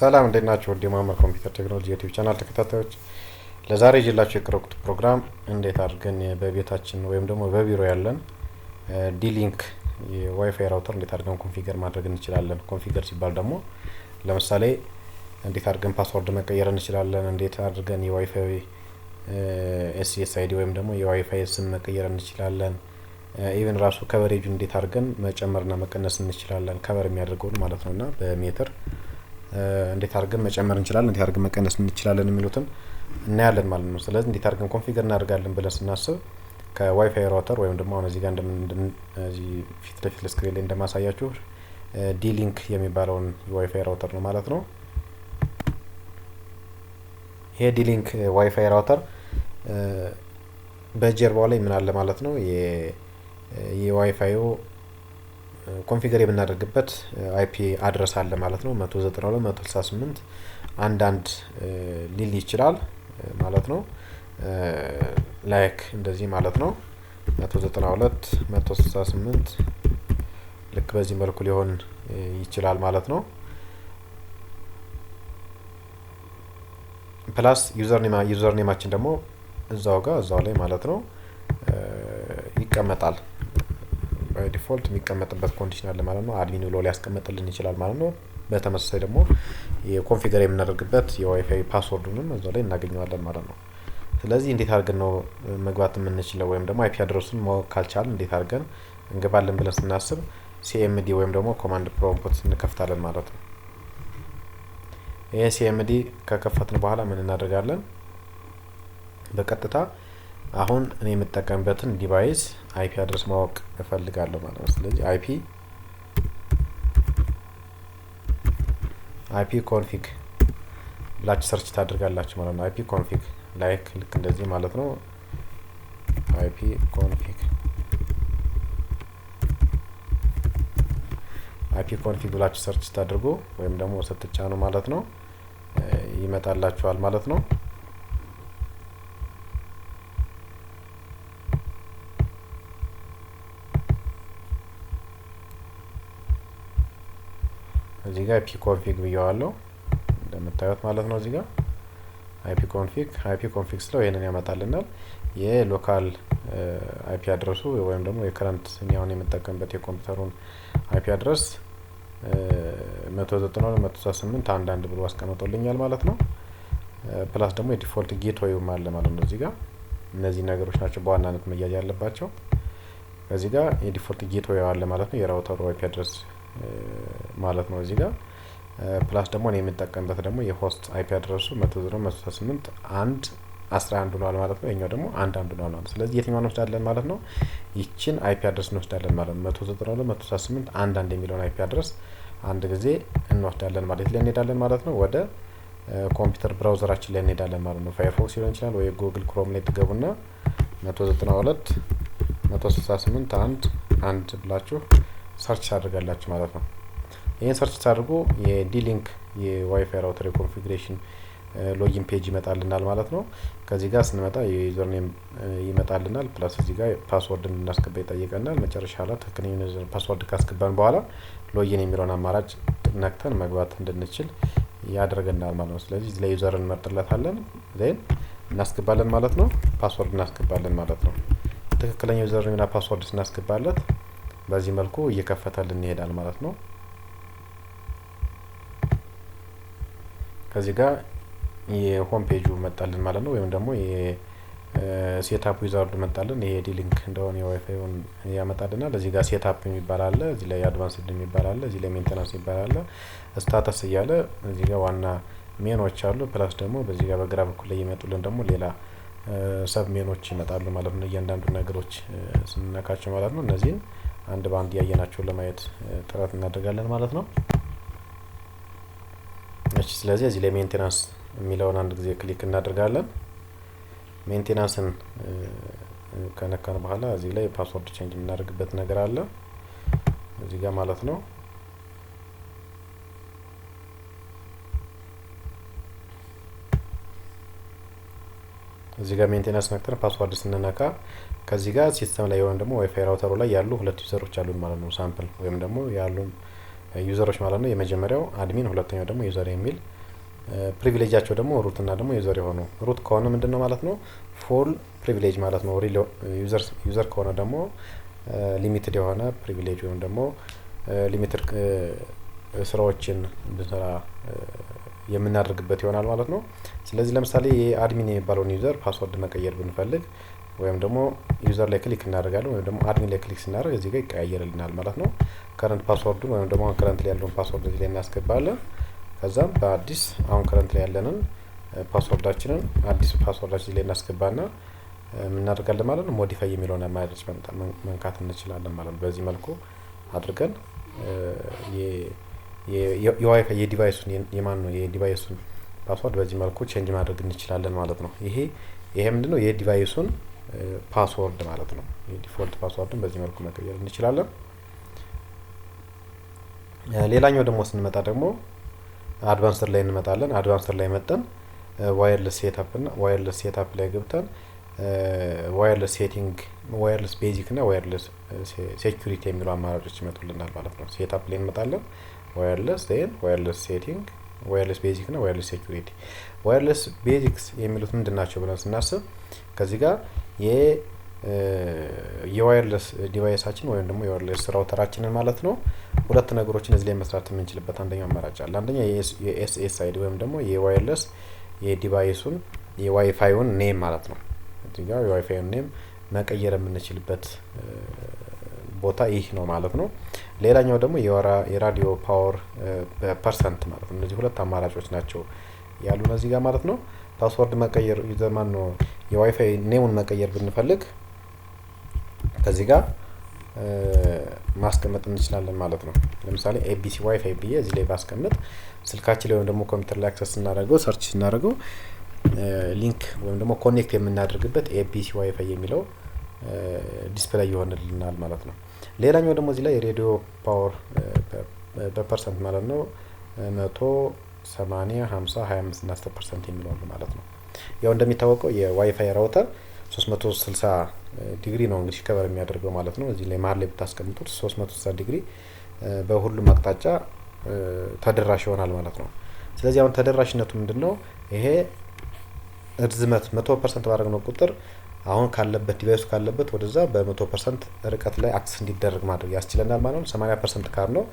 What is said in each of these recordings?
ሰላም እንዴት ናቸው? ወደ ማማ ኮምፒውተር ቴክኖሎጂ ዩቲዩብ ቻናል ተከታታዮች ለዛሬ ይዤላችሁ የቀረብኩት ፕሮግራም እንዴት አድርገን በቤታችን ወይም ደግሞ በቢሮ ያለን ዲሊንክ የዋይፋይ ራውተር እንዴት አድርገን ኮንፊገር ማድረግ እንችላለን። ኮንፊገር ሲባል ደግሞ ለምሳሌ እንዴት አድርገን ፓስወርድ መቀየር እንችላለን። እንዴት አድርገን የዋይፋይ ኤስኤስአይዲ ወይም ደግሞ የዋይፋይ ስም መቀየር እንችላለን። ኢቨን ራሱ ከቨሬጁ እንዴት አድርገን መጨመርና መቀነስ እንችላለን። ከቨር የሚያደርገውን ማለት ነውና በሜትር እንዴት አድርገን መጨመር እንችላለን፣ እንዴት አድርገን መቀነስ እንችላለን የሚሉትን እናያለን ማለት ነው። ስለዚህ እንዴት አድርገን ኮንፊገር እናደርጋለን ብለን ስናስብ ከዋይፋይ ራውተር ወይም ደግሞ አሁን እዚህ ጋር እዚህ ፊት ለፊት ስክሪን ላይ እንደማሳያችሁ ዲሊንክ የሚባለውን የዋይፋይ ራውተር ነው ማለት ነው። ይሄ ዲሊንክ ዋይፋይ ራውተር በጀርባው ላይ ምን አለ ማለት ነው የዋይፋዩ ኮንፊገር የምናደርግበት አይፒ አድረስ አለ ማለት ነው። 192.168 አንዳንድ ሊል ይችላል ማለት ነው። ላይክ እንደዚህ ማለት ነው። 192 168 ልክ በዚህ መልኩ ሊሆን ይችላል ማለት ነው። ፕላስ ዩዘር ኔማችን ደግሞ እዛው ጋር እዛው ላይ ማለት ነው ይቀመጣል። ዲፎልት የሚቀመጥበት ኮንዲሽን አለ ማለት ነው። አድሚን ብሎ ሊያስቀምጥልን ይችላል ማለት ነው። በተመሳሳይ ደግሞ የኮንፊገር የምናደርግበት የዋይፋይ ፓስወርዱንም እዛ ላይ እናገኘዋለን ማለት ነው። ስለዚህ እንዴት አድርገን ነው መግባት የምንችለው ወይም ደግሞ አይፒ አድረሱን ማወቅ ካልቻል እንዴት አድርገን እንገባለን ብለን ስናስብ ሲኤምዲ ወይም ደግሞ ኮማንድ ፕሮምፖት እንከፍታለን ማለት ነው። ይህ ሲኤምዲ ከከፈትን በኋላ ምን እናደርጋለን በቀጥታ አሁን እኔ የምጠቀምበትን ዲቫይስ አይፒ አድረስ ማወቅ እፈልጋለሁ ማለት ነው። ስለዚህ አይፒ አይፒ ኮንፊግ ብላችሁ ሰርች ታደርጋላችሁ ማለት ነው። አይፒ ኮንፊግ ላይክ ልክ እንደዚህ ማለት ነው። አይፒ ኮንፊግ አይፒ ኮንፊግ ብላችሁ ሰርች ስታደርጉ ወይም ደግሞ ስትጫኑ ማለት ነው ይመጣላችኋል ማለት ነው። ጋር አይፒ ኮንፊግ ብየዋለሁ እንደምታዩት ማለት ነው። እዚህ ጋር አይፒ ኮንፊግ አይፒ ኮንፊግ ስለው ይህንን ያመጣልናል። የሎካል አይፒ አድረሱ ወይም ደግሞ የክረንት እኛውን የምጠቀምበት የኮምፒውተሩን አይፒ አድረስ መቶ ዘጠና መቶ ስምንት አንድ አንድ ብሎ አስቀምጦልኛል ማለት ነው። ፕላስ ደግሞ የዲፎልት ጌት ወይም አለ ማለት ነው። እዚህ ጋር እነዚህ ነገሮች ናቸው በዋናነት መያዝ ያለባቸው። እዚህ ጋር የዲፎልት ጌት ወይ አለ ማለት ነው። የራውተሩ አይፒ አድረስ ማለት ነው እዚህ ጋር ፕላስ ደግሞ እኔ የምጠቀምበት ደግሞ የሆስት አይፒ አድረሱ መቶ ዜሮ መቶ ስልሳ ስምንት አንድ አስራ አንድ ሆኗል ማለት ነው። ይኛው ደግሞ አንድ አንድ ሆኗል ማለት ስለዚህ የትኛው እንወስዳለን ማለት ነው? ይችን አይፒ አድረስ እንወስዳለን ማለት ነው። መቶ ዘጠና ሁለት መቶ ስምንት አንድ አንድ የሚለውን አይፒ አድረስ አንድ ጊዜ እንወስዳለን ማለት ላይ እንሄዳለን ማለት ነው። ወደ ኮምፒውተር ብራውዘራችን ላይ እንሄዳለን ማለት ነው። ፋይርፎክስ ሊሆን ይችላል ወይ ጉግል ክሮም ላይ ትገቡና መቶ ዘጠና ሁለት መቶ ስልሳ ስምንት አንድ አንድ ብላችሁ ሰርች ታደርጋላችሁ ማለት ነው። ይህን ሰርች ታደርጉ የዲሊንክ የዋይፋይ ራውተር የኮንፊግሬሽን ሎጊን ፔጅ ይመጣልናል ማለት ነው። ከዚህ ጋር ስንመጣ የዩዘርኔም ይመጣልናል። ፕላስ እዚህ ጋር ፓስወርድ እንድናስገባ ይጠይቀናል። መጨረሻ ላይ ትክክለኛ ፓስወርድ ካስገባን በኋላ ሎጊን የሚለውን አማራጭ ነክተን መግባት እንድንችል ያደርገናል ማለት ነው። ስለዚህ ዩዘር እንመርጥለታለን ዜን እናስገባለን ማለት ነው። ፓስወርድ እናስገባለን ማለት ነው። ትክክለኛ ዩዘር ፓስወርድ ስናስገባለት በዚህ መልኩ እየከፈተልን ይሄዳል ማለት ነው። ከዚህ ጋር የሆም ፔጁ መጣልን ማለት ነው። ወይም ደግሞ ሴታፕ ዊዛርዱ መጣልን። ይሄ ዲሊንክ እንደሆነ የዋይፋይን ያመጣልናል። እዚህ ጋር ሴታፕ የሚባል አለ፣ እዚህ ላይ አድቫንስድ የሚባል አለ፣ እዚህ ላይ ሜንቴናንስ የሚባል አለ። ስታተስ እያለ እዚህ ጋር ዋና ሜኖች አሉ። ፕላስ ደግሞ በዚህ ጋር በግራ በኩል ላይ የሚመጡልን ደግሞ ሌላ ሰብ ሜኖች ይመጣሉ ማለት ነው። እያንዳንዱ ነገሮች ስንነካቸው ማለት ነው እነዚህን አንድ በአንድ ያየናቸውን ለማየት ጥረት እናደርጋለን ማለት ነው። እሺ፣ ስለዚህ እዚህ ላይ ሜንቴናንስ የሚለውን አንድ ጊዜ ክሊክ እናደርጋለን። ሜንቴናንስን ከነካን በኋላ እዚህ ላይ ፓስወርድ ቼንጅ የምናደርግበት ነገር አለ እዚህ ጋር ማለት ነው። እዚህ ጋር ሜንቴናንስ ነክተን ፓስዋርድ ስንነካ ከዚህ ጋር ሲስተም ላይ ወይም ደግሞ ዋይፋይ ራውተሩ ላይ ያሉ ሁለት ዩዘሮች አሉን ማለት ነው። ሳምፕል ወይም ደግሞ ያሉ ዩዘሮች eh, ማለት ነው። የመጀመሪያው አድሚን፣ ሁለተኛው ደግሞ ዩዘር የሚል ፕሪቪሌጃቸው eh, ደግሞ ሩት እና ደግሞ ዩዘር የሆኑ ሩት ከሆነ ምንድን ነው ማለት ነው ፎል ፕሪቪሌጅ ማለት ነው። ዩዘር eh, ከሆነ ደግሞ ሊሚትድ የሆነ ፕሪቪሌጅ ወይም ደግሞ ሊሚትድ ስራዎችን ብንሰራ የምናደርግበት ይሆናል ማለት ነው። ስለዚህ ለምሳሌ የአድሚን የሚባለውን ዩዘር ፓስወርድ መቀየር ብንፈልግ ወይም ደግሞ ዩዘር ላይ ክሊክ እናደርጋለን ወይም ደግሞ አድሚን ላይ ክሊክ ስናደርግ እዚህ ጋር ይቀያየርልናል ማለት ነው። ከረንት ፓስወርዱን ወይም ደግሞ አሁን ከረንት ላይ ያለውን ፓስወርድ እዚህ ላይ እናስገባለን። ከዛም በአዲስ አሁን ከረንት ላይ ያለንን ፓስወርዳችንን አዲስ ፓስወርዳችን እዚህ ላይ እናስገባና የምናደርጋለን ማለት ነው። ሞዲፋይ የሚለውን አማራጭ መንካት እንችላለን ማለት ነው። በዚህ መልኩ አድርገን የዋይፋይ የዲቫይሱን የማን ነው የዲቫይሱን ፓስወርድ በዚህ መልኩ ቼንጅ ማድረግ እንችላለን ማለት ነው። ይሄ ይሄ ምንድነው የዲቫይሱን ፓስወርድ ማለት ነው። የዲፎልት ፓስወርድን በዚህ መልኩ መቀየር እንችላለን። ሌላኛው ደግሞ ስንመጣ ደግሞ አድቫንስድ ላይ እንመጣለን። አድቫንስድ ላይ መጠን ዋይርለስ ሴትአፕ እና ዋይርለስ ሴትአፕ ላይ ገብተን ዋይርለስ ሴቲንግ፣ ዋይርለስ ቤዚክ እና ዋይርለስ ሴኩሪቲ የሚሉ አማራጮች ይመጡልናል ማለት ነው። ሴትአፕ ላይ እንመጣለን። ዋየርለስ ዜን ዋየርለስ ሴቲንግ ዋየርለስ ቤዚክ እና ዋየርለስ ሴኩሪቲ ዋየርለስ ቤዚክስ የሚሉት ምንድን ናቸው ብለን ስናስብ ከዚህ ጋር የዋየርለስ ዲቫይሳችን ወይም ደግሞ የዋየርለስ ራውተራችንን ማለት ነው ሁለት ነገሮችን እዚህ ላይ መስራት የምንችልበት አንደኛው አማራጭ አለ። አንደኛ የኤስኤስ አይዲ ወይም ደግሞ የዋየርለስ የዲቫይሱን የዋይፋዩን ኔም ማለት ነው እዚህ ጋር የዋይፋዩን ኔም መቀየር የምንችልበት ቦታ ይህ ነው ማለት ነው። ሌላኛው ደግሞ የራዲዮ ፓወር በፐርሰንት ማለት ነው። እነዚህ ሁለት አማራጮች ናቸው ያሉ እነዚህ ጋር ማለት ነው። ፓስወርድ መቀየር ዩዘርማን ነው የዋይፋይ ኔሙን መቀየር ብንፈልግ ከዚህ ጋር ማስቀመጥ እንችላለን ማለት ነው። ለምሳሌ ኤቢሲ ዋይፋይ ብዬ እዚህ ላይ ባስቀምጥ ስልካችን ላይ ወይም ደግሞ ኮምፒውተር ላይ አክሰስ ስናደርገው ሰርች ስናደርገው ሊንክ ወይም ደግሞ ኮኔክት የምናደርግበት ኤቢሲ ዋይፋይ የሚለው ዲስፕላይ ይሆንልናል ማለት ነው። ሌላኛው ደግሞ እዚህ ላይ የሬዲዮ ፓወር በፐርሰንት ማለት ነው መቶ ሰማኒያ ሀምሳ ሀያ አምስት እና አስር ፐርሰንት የሚለዋሉ ማለት ነው። ያው እንደሚታወቀው የዋይፋይ ራውተር 360 ዲግሪ ነው እንግዲህ ከበር የሚያደርገው ማለት ነው። እዚህ ላይ መሀል ላይ ብታስቀምጡት 360 ዲግሪ በሁሉም አቅጣጫ ተደራሽ ይሆናል ማለት ነው። ስለዚህ አሁን ተደራሽነቱ ምንድን ነው? ይሄ እርዝመት መቶ ፐርሰንት ባደረግነው ቁጥር አሁን ካለበት ዲቫይሱ ካለበት ወደዛ በመቶ ፐርሰንት ርቀት ላይ አክሰስ እንዲደረግ ማድረግ ያስችለናል ማለት ነው። ካር ፐርሰንት ካልነው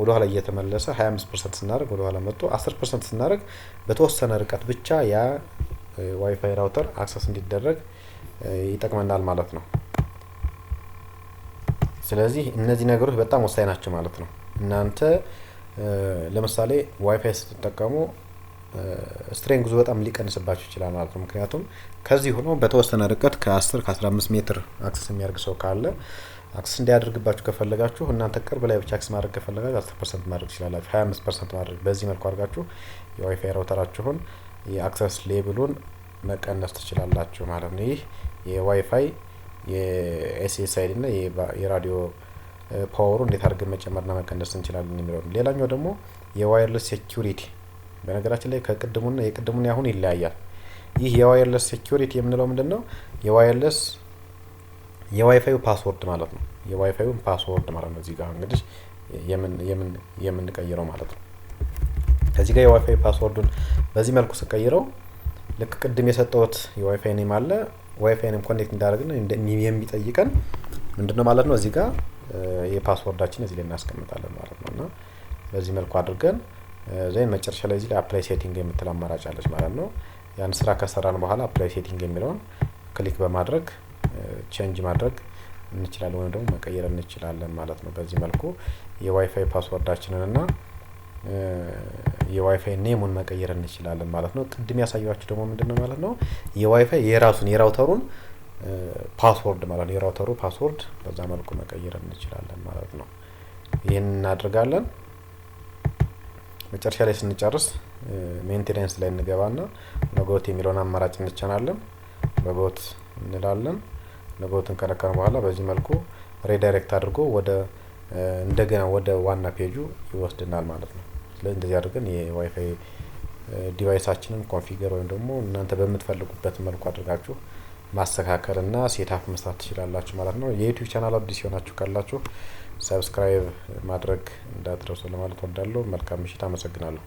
ወደኋላ እየተመለሰ 25 አምስት ፐርሰንት ስናደርግ ወደኋላ መጥቶ 10 ፐርሰንት ስናደርግ በተወሰነ ርቀት ብቻ ያ ዋይፋይ ራውተር አክሰስ እንዲደረግ ይጠቅመናል ማለት ነው። ስለዚህ እነዚህ ነገሮች በጣም ወሳኝ ናቸው ማለት ነው። እናንተ ለምሳሌ ዋይፋይ ስትጠቀሙ ስትሬንግዙ በጣም ሊቀንስባቸው ይችላል ማለት ነው። ምክንያቱም ከዚህ ሆኖ በተወሰነ ርቀት ከ10 ከ15 ሜትር አክሰስ የሚያደርግ ሰው ካለ አክሰስ እንዲያደርግባችሁ ከፈለጋችሁ እናንተ ቅርብ ላይ ብቻ አክሰስ ማድረግ ከፈለጋችሁ 10 ፐርሰንት ማድረግ ትችላላችሁ፣ 25 ፐርሰንት ማድረግ። በዚህ መልኩ አድርጋችሁ የዋይፋይ ራውተራችሁን የአክሰስ ሌብሉን መቀነስ ትችላላችሁ ማለት ነው። ይህ የዋይፋይ የኤስኤስአይዲ እና የራዲዮ ፓወሩ እንዴት አድርገን መጨመርና መቀነስ እንችላለን የሚለው። ሌላኛው ደግሞ የዋይርለስ ሴኪሪቲ በነገራችን ላይ ከቅድሙና የቅድሙን ያሁን ይለያያል። ይህ የዋይርለስ ሴኪሪቲ የምንለው ምንድን ነው? የዋይርለስ የዋይፋዩ ፓስወርድ ማለት ነው። የዋይፋዩን ፓስወርድ ማለት ነው። እዚህ ጋር እንግዲህ የምንቀይረው ማለት ነው። ከዚህ ጋር የዋይፋይ ፓስወርዱን በዚህ መልኩ ስቀይረው ልክ ቅድም የሰጠውት የዋይፋይ ኔም አለ ዋይፋይ ኔም ኮኔክት እንዳደረግን የሚጠይቀን ምንድን ነው ማለት ነው። እዚህ ጋር የፓስወርዳችን እዚህ ላይ እናስቀምጣለን ማለት ነው እና በዚህ መልኩ አድርገን ዜን መጨረሻ ላይ እዚህ ላይ አፕላይ ሴቲንግ የምትል አማራጭ አለች ማለት ነው። ያን ስራ ከሰራን በኋላ አፕላይ ሴቲንግ የሚለውን ክሊክ በማድረግ ቼንጅ ማድረግ እንችላለን ወይም ደግሞ መቀየር እንችላለን ማለት ነው። በዚህ መልኩ የዋይፋይ ፓስወርዳችንን እና የዋይፋይ ኔሙን መቀየር እንችላለን ማለት ነው። ቅድም ያሳያችሁ ደግሞ ምንድን ነው ማለት ነው የዋይፋይ የራሱን የራውተሩን ፓስወርድ ማለት ነው። የራውተሩ ፓስወርድ በዛ መልኩ መቀየር እንችላለን ማለት ነው። ይህን እናድርጋለን። መጨረሻ ላይ ስንጨርስ ሜንቴናንስ ላይ ና ሎጎት የሚለውን አማራጭ እንቻናለን። ሎጎት እንላለን። ሎጎትን ከነካን በኋላ በዚህ መልኩ ሬዳይሬክት አድርጎ ወደ እንደገና ወደ ዋና ፔጁ ይወስድናል ማለት ነው። ስለዚህ እንደዚህ አድርገን የዋይፋይ ዲቫይሳችንን ኮንፊገር ወይም ደግሞ እናንተ በምትፈልጉበት መልኩ አድርጋችሁ ማስተካከል ና ሴታፕ መስራት ትችላላችሁ ማለት ነው። የዩቲዩብ ቻናል አዲስ ሲሆናችሁ ካላችሁ ሰብስክራይብ ማድረግ እንዳትረሱ ለማለት ወዳለሁ። መልካም ምሽት። አመሰግናለሁ።